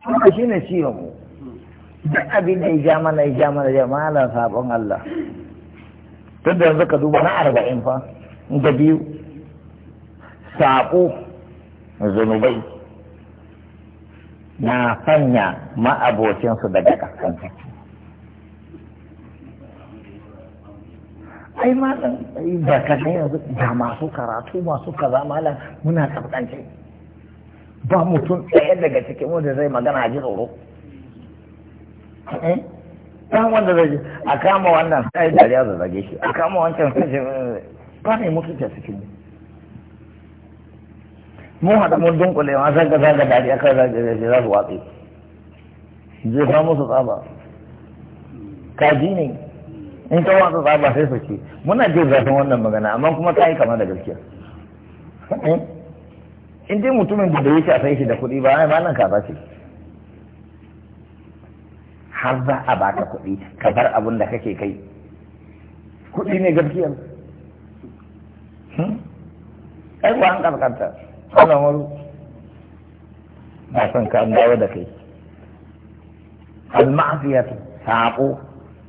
haka shi ne mu duk abin da ya ja mana ya ja mana ya malam sabon Allah tun da yanzu ka duba na arba'in fa da biyu saƙo zunubai na sanya ma'abocinsu daga kaskanta ai malam ba ka yanzu da masu karatu masu kaza malam muna tsabtance. ba mutum ɗaya daga cikin wanda zai magana ji tsoro ɗan eh? wanda zai a kama wannan sai dariya da zage shi a kama wancan sai eh, ba ne mutunta cikin mu mun haɗa mun dunkule ma zaga zaga dariya kan zage zai za su watsi je ba musu tsaba kaji ne in ka watsa tsaba sai su ce muna jin zafin wannan magana amma kuma ta yi kama da gaskiya eh? in dai mutumin da bai san shi da kuɗi ba ai malan kaza ce har za a baka kuɗi ka bar abin da kake kai kuɗi ne gaskiya hmm? ai ko an karkanta ana wani ba san ka an dawo da kai al-ma'siyatu saqo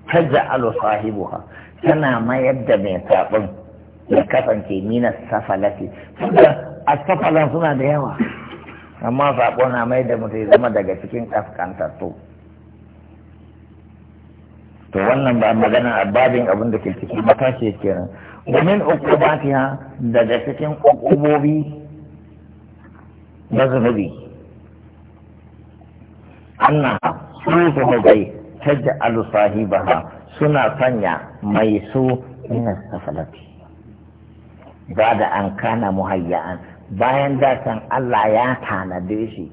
taj'alu sahibuha tana mayar da mai sabon ya kasance mina safalati askafalan suna da yawa amma saƙo na mai da mutum zama daga cikin ƙasƙantattu to wannan ba magana a babin abin da ke ciki matashi kenan domin ukubatiha daga cikin ukubobi na zunubi annaha su zunubai taj'alu sahibaha suna sanya mai su ina safalati ba da an kana muhayya'an bayan da san Allah ya tanade shi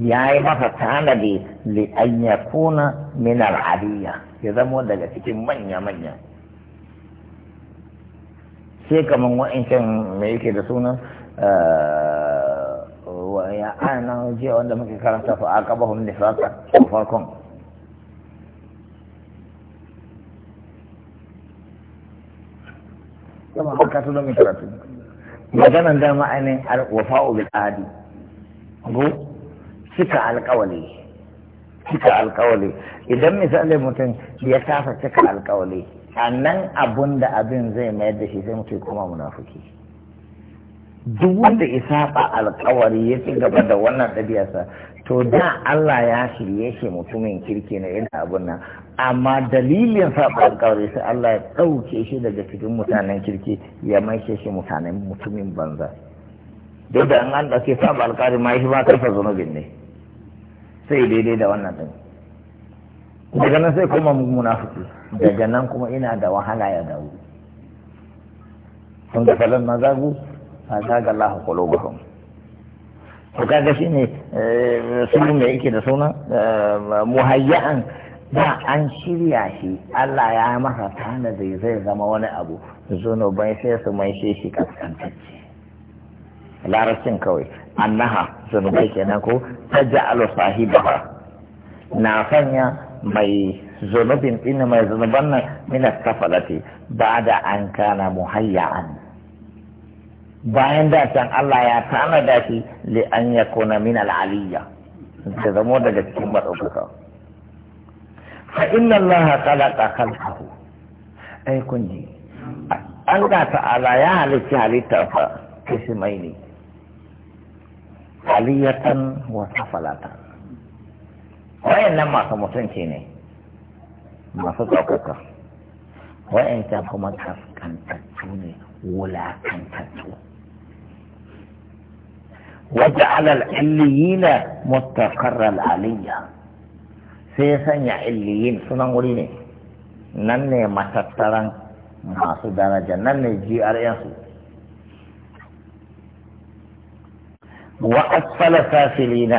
ya yi masa tanadi li an kuna min al'adiyya ya zamo daga cikin manya-manya sai kaman wa'ancan me yake da sunan eh, ya ana jiya wanda muke karanta fa aqabahum nifaqa farkon kuma haka su da mai karatu maganan da ma'anin wafa'u bil ahadi go cika alkawali cika alkawali idan misali mutum ya kafa cika alkawali a nan abun da abin zai mayar da shi sai mutum koma munafiki duk wanda isa ba alkawari ya ci gaba da wannan ɗabi'arsa to da Allah ya shirye shi mutumin kirki na irin abun nan amma dalilin saba alkawari sai Allah ya ɗauke shi daga cikin mutanen kirki ya maishe shi mutanen mutumin banza duk da an ɗauke saba alkawari ma shi ba karfa zunubin ne sai daidai da wannan ɗin daga nan sai kuma munafiki daga nan kuma ina da wahala ya dawo sun da falon mazagu zaga Allah qulubahum to kaga ne eh, sunan da yake da sunan eh, muhayya'an ba an shirya shi Allah ya masa tana da zai zama wani abu zunubai sai su maishe shi kaskantacce larabcin kawai annaha zunubai kenan ko ta ja'alu sahibaha na sanya mai zunubin ɗin mai zunuban nan mina kafalati ba da an kana muhayya'an bayan da can Allah ya tanada shi li an yakuna min al-aliyya da zamo daga cikin madaukaka fa inna Allah khalaqa khalqahu ai kun ji Allah ta'ala ya halitta halitta fa kismaini aliyatan wa safalatan wayannan masu mutunci ne masu ɗaukaka wa'yancan kuma kaskantattu ne wulakantattu وجعل العليين مستقر العليا سيسان يا عليين سنان وليني نني ما تتران ما سدانا جنن نني جي ار واسفل سافلين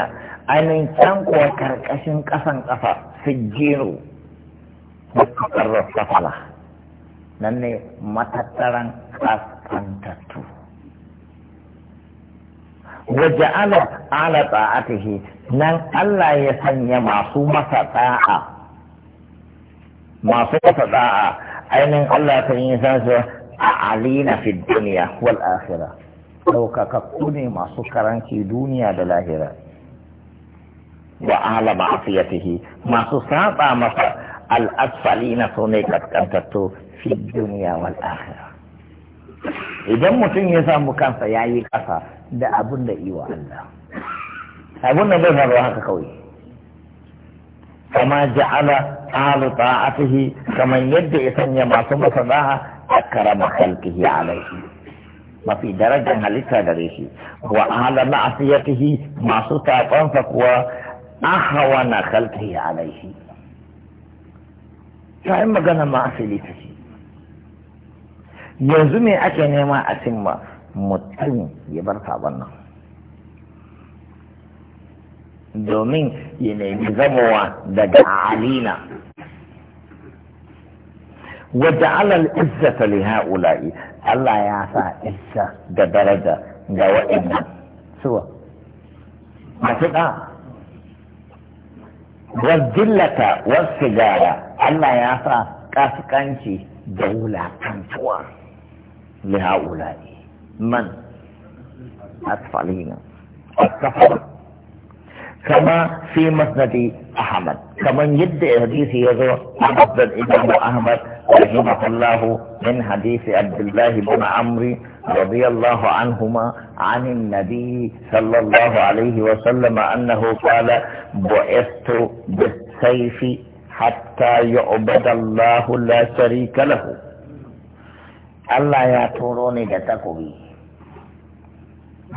ان انسان كو كركشن قسن قفا سجينو مستقر الصفلة نني ما تتران قاس انتتو وجعل على Nan Allah ya sanya masu masa ta'a masu masa ta'a ainihin Allah ta yi san su a alina fi duniya wal akhira ne masu karanci duniya da lahira wa ala ma'asiyatihi masu saba masa al-asfalina sune kaskantattu fi duniya wal akhira idan mutum ya samu kansa ya yi ƙasa da abin da iwa Allah abin da bai faru haka kawai kama ja'ala alu ta'atihi kamar yadda ya sanya masu masana'a akrama khalqihi alaihi mafi darajar halitta gare shi wa ala ma'asiyatihi masu taƙonsa kuwa ahawana khalqihi alaihi ta yi magana ma'asili ta yanzu me ake nema a cimma mutum ya bar sabon nan domin ya nemi zamowa daga alina wadda alal izzata li ha'ula'i Allah ya sa izza da daraja ga wa'annan suwa masu da wajillata wasu gara Allah ya sa ƙasƙanci da wulakantuwa لهؤلاء من أسفلين الكفر كما في مسند أحمد كما يد حديث يزور عبد الإمام أحمد رحمه الله من حديث عبد الله بن عمرو رضي الله عنهما عن النبي صلى الله عليه وسلم أنه قال بعثت بالسيف حتى يعبد الله لا شريك له Allah ya toro ne da takobi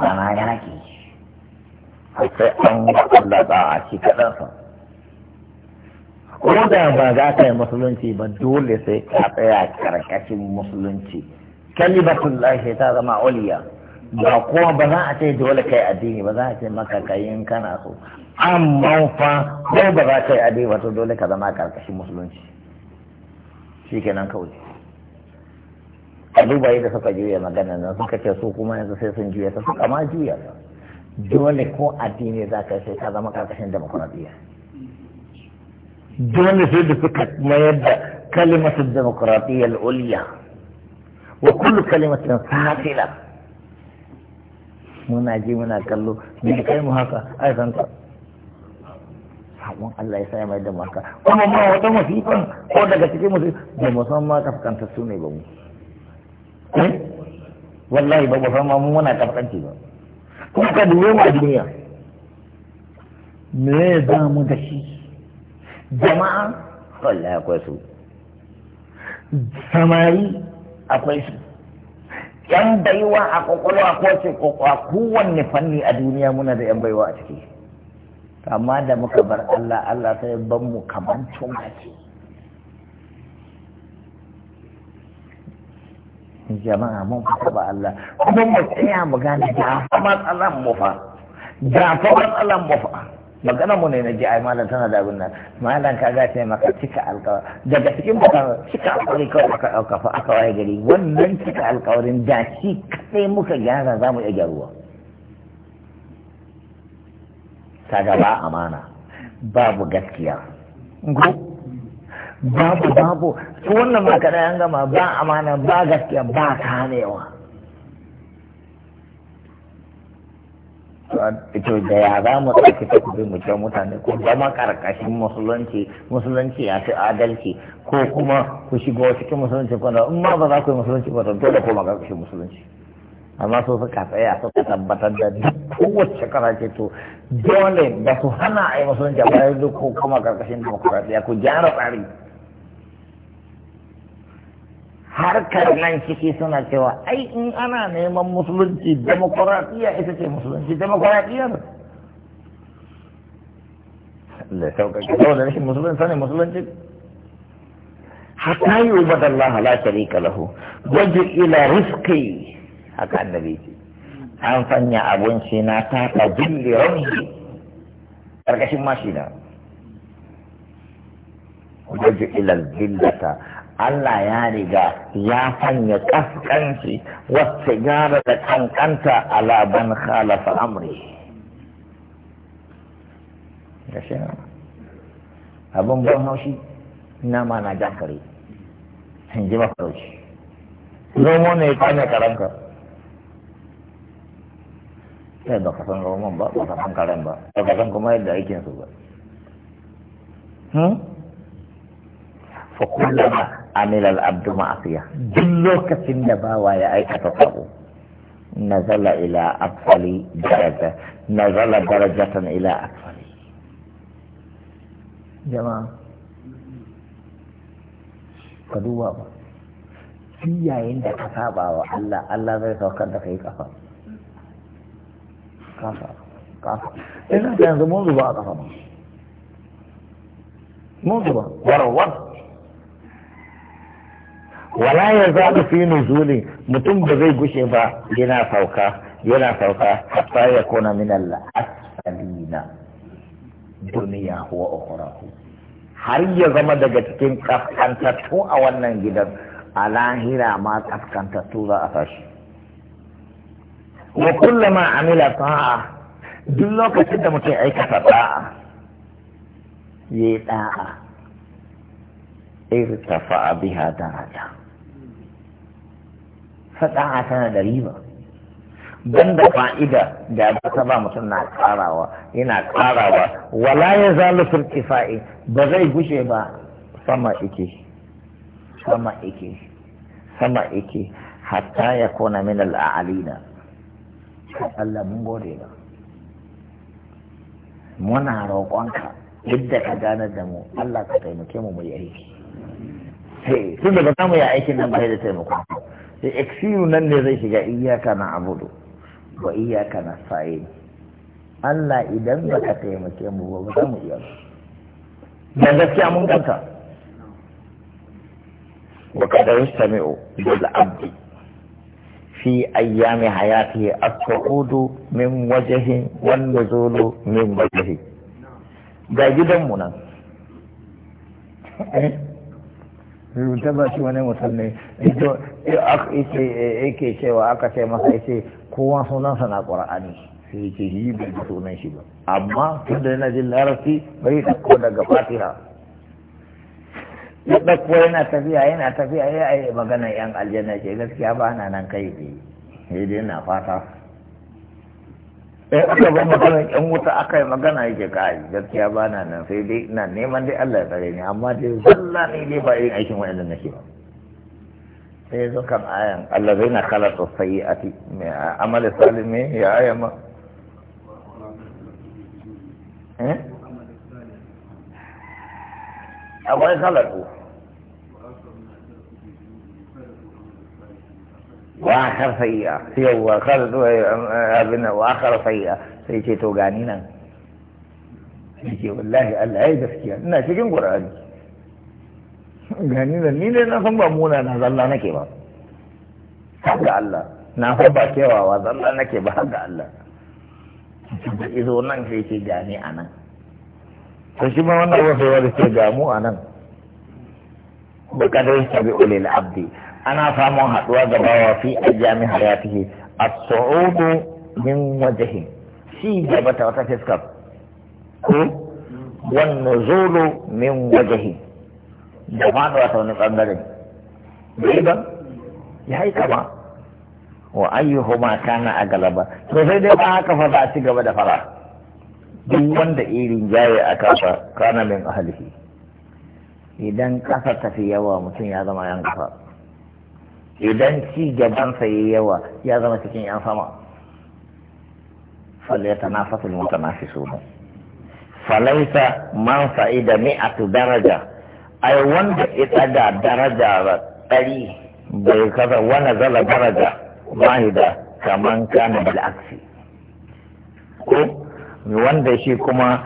ana yaki sai an kullata a ci kaɗansa ko da ba za ka yi musulunci ba dole sai ka tsaya karkashin musulunci kalibatun lahi ta zama oliya ba kuma ba za a ce dole kai addini ba za a ce maka kayin kana so amma fa ko ba za ka yi addini ba dole ka zama karkashin musulunci shikenan kawai a duba yadda suka juya magana nan suka ce su kuma yanzu sai sun juya ta suka ma juya dole ko addini za ka sai ka zama karkashin demokuraɗiyya dole sai da suka mayar da kalimatin demokuraɗiyya al'uliya wa kullu kalimatin fasila muna ji muna kallo mai kai mu haka ai san ta sabon Allah ya sai mai da maka kuma ma wata masifan ko daga cikin musu da musamman ka fukanta su ne ba mu Eh? wallahi ba ba san muna kafanci ba kuma ka dubo ma duniya me za mu da shi jama'a wallahi akwai su samari akwai su yan baiwa a kwakwalwa ko ce kwakwa kowanne fanni a duniya muna da yan baiwa a ciki amma da muka bar Allah Allah sai ban mu kamar tumaki jama'a mun fi taba Allah kuma mu tsaya mu gane da matsalan mu fa da matsalan mu fa magana mu ne na ji ai malam tana da abin nan malam ka ga sai maka cika alƙawari daga cikin baka cika alƙawari kawai aka ɗauka fa aka waye gari wannan cika alƙawarin da shi kaɗai muka gyara za mu iya gyaruwa kaga ba amana babu gaskiya babu babu su wannan ba kaɗai an gama ba amana ba gaskiya ba kanewa to da ya za mu ɗauki ta kuɗi mu ce mutane ko zama karkashin musulunci musulunci ya fi adalci ko kuma ku shigo cikin musulunci ko in ma ba za ku yi musulunci ba to dole ko ga ƙarƙashin musulunci amma so suka a suka tabbatar da duk kowace karace to dole ba su hana a yi musulunci a bayan duk ko kuma karkashin demokuraɗiyya ku gyara tsari harkar nan ciki suna cewa ai in ana neman musulunci demokuraɗiyya ita ce musulunci demokuraɗiyyar da sauƙaƙe saboda rashin musulun sani musulunci hatta yi wa badallaha la sharika lahu wajen ila rizqi haka annabi ce an abun abinci na taka jilli shi. ƙarƙashin mashina wajen ila zillata Allah ya riga ya sanya kaskanci wacce gara da kankanta ala ban khalafa amri abin ban haushi na ji ne ya karanka sai eh, ba ka san ba ba ka san karen ba ba ka san kuma yadda ba hmm? فكلما عمل العبد معصية جلو في النباوة يا أي تطبو نزل إلى أطفال درجة نزل درجة إلى أطفال جماعة قدوا في عند كسابة الله الله ذي سوكر في كفا كفا كفا إذا كان منذ بعض منذ بعض ورور wala ya zaɓi fi nuzulin mutum ba zai gushe ba yana sauka yana sauka hatta ya kona min Allah asalina duniya huwa ukhrahu har ya zama daga cikin kaskantattu a wannan gidan a lahira ma kaskantattu za a tashi wa kullama amila ta'a duk lokacin da mutum aikata ta'a yayi ta'a irtafa biha daraja a tana da riba ban da fa'ida da ta ba mutum na karawa yana karawa wala ya zalu fa'i ba zai gushe ba sama ike sama ike sama ike hatta ya kona min al'alina Allah mun gode ba muna roƙonka yadda ka ganar da mu Allah ka taimake mu mu yi aiki sai sun da ba za mu yi aikin nan ba da taimakon da iksiru nan ne zai shiga iyaka na abudu wa iyaka na sa'i Allah idan ba ka taimake mu ba za mu iya da gaskiya mun kanta wa kada yastami'u bil abdi fi ayyami hayatihi as-su'udu min wajhi wan nuzulu min wajhi ga gidan mu nan rubuta ba shi wani mutum ne ito yake cewa aka ce masa ya ce kowa sunansa na ƙwar'ani sai ce yi bai da sunan shi ba amma tun da yana jin larabci bai ɗauko daga fatiha ya ɗauko yana tafiya yana tafiya ya yi magana yan aljanna ce gaskiya ba na nan kai ne, sai dai na fata sai aka ba magana yan wuta aka yi magana yake kai gaskiya ba na nan sai dai ina neman dai Allah ya tsare ni amma dai zalla ne dai ba yin aikin wa'annan nake ba sai zo kan ayan Allah zai na kala to sai a ti me amali salimi ya aya ma eh? akwai kalatu واخر سيئة سيئة واخر ابن واخر سيئة سيئة تو غاني سيئة والله الله يا انا ina cikin Qur'ani نين nan ni ne na san ba muna na zalla nake ba ga Allah na ba zalla nake ba ga Allah da izo nan sai ce gani anan to shi ma wannan wasu wani ce gamu anan ba kadai sabi ulil abdi ana samun haɗuwa ga bawa fi ajami hayatihi a suudu min wajhi shi gaba ta wata fiskar ko wannan zolo min wajhi da faɗuwa ta wani ɓangare ba ya yi kama wa ayyuhuma kana a galaba to sai dai ba haka fa za a ci gaba da fara duk wanda irin jaye a kafa kana min ahalihi idan kasa tafi yawa mutum ya zama yan kafa idan ci gabansa ya yawa ya zama cikin yan sama falata na fasil mota na fi suna falaita man fa'ida mi'atu daraja ai wanda ita da daraja ɗari bai kasa wani zala daraja mahida kaman kana bil'aksi ko wanda shi kuma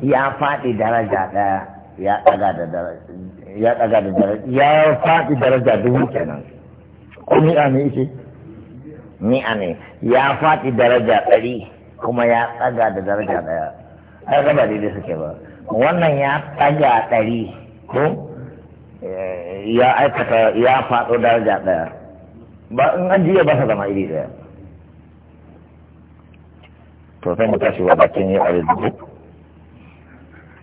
ya faɗi daraja ɗaya ya ɗaga da daraja ya faɗi daraja dubu kenan ko ni'a ne ishe ni'a ne ya faɗi daraja ɗari kuma ya ɗaga da daraja ɗaya ai gaba daidai suke ba wannan ya ɗaga ɗari ko eh, ya aikata ya faɗo daraja ɗaya ba in an jiya ba sa zama iri ɗaya to sai mu tashi wa bakin yi a yanzu